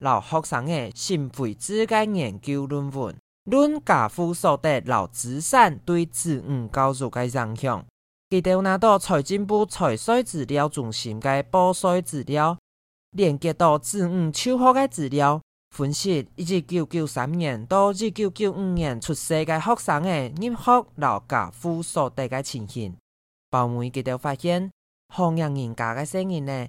留學生誒，消費資格研究論文，論家戶所得勞資產對子女教育嘅影響。記者拿到財政部財稅資料中心嘅報稅資料，連接到子女收穫嘅資料，分析一九九三年到一九九五年出世嘅學生嘅入學勞家戶所得嘅情形。報導者記者發現，紅人家嘅聲音呢？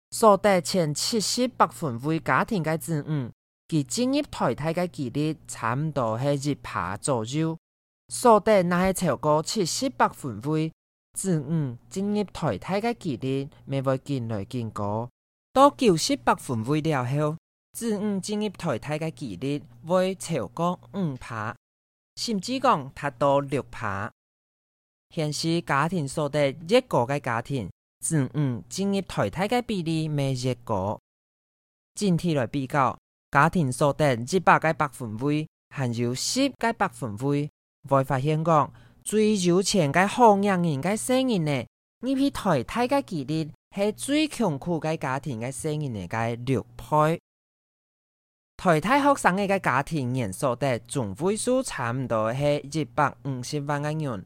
所得前七十八分位家庭嘅子女，其職業代替嘅距離差唔多係二百左右。所得稅乃係超過七十八分位子女職業代替嘅距離未會見來見果，到九十八分位了後，子女職業代替嘅距離會超過五百，甚至講達到六百。顯示家庭所得一個嘅家庭。前五進入台大嘅比例未熱過，整體來比較家庭所得一百個百分位含有十個百分位，未發現講最有錢嘅好廿年嘅四年呢，呢批台大嘅比例係最窮苦嘅家庭嘅四年嚟嘅六倍。台大學生嘅家庭人數嘅總位數差唔多係一百五十萬嘅人。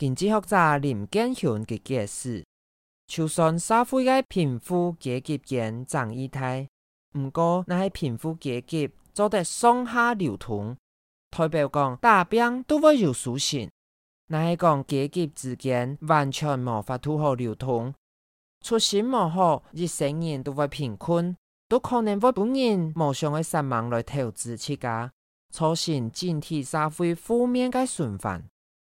甚至學者林建雄的解釋，就算社會嘅貧富階級間差異大，唔過，奈係貧富階級做得上下流通，代表講大病都唔有輸錢，奈係講階級之間完全無法土豪流通，出身冇好，一生人都會貧困，都可能會本人無上嘅失望來投資自家，造成整體社會負面嘅循環。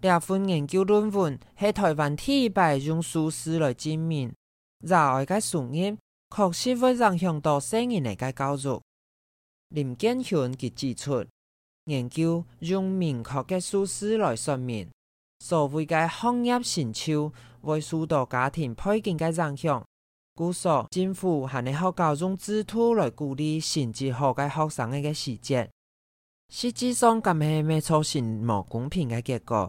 兩份研究論文喺台灣第一擺用事實來證明，社會嘅商業成就會受到家庭背景嘅影響。林建雄佢指出，研究用明確嘅事實來說明，所謂嘅行業成就會受到家庭背景嘅影響。據說，政府還你學校用制度來鼓勵甚至覆蓋學生嘅細節，實際上咁樣嘅措施無公平嘅結果。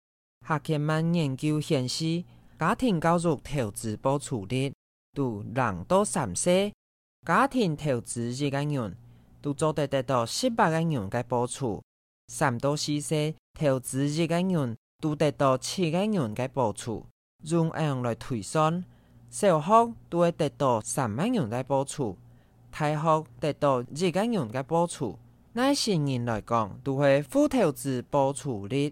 學前班研究顯示，家庭教育投資報酬率，佇零到三歲，家庭投資一萬元，都做得到四百個元嘅報酬；三到四歲，投資一萬元，都得到七個元嘅報酬。用按用來推算，小學都會得到三萬元嘅報酬，大學得到一萬元嘅報酬。對成年人來講，都會負投資報酬率。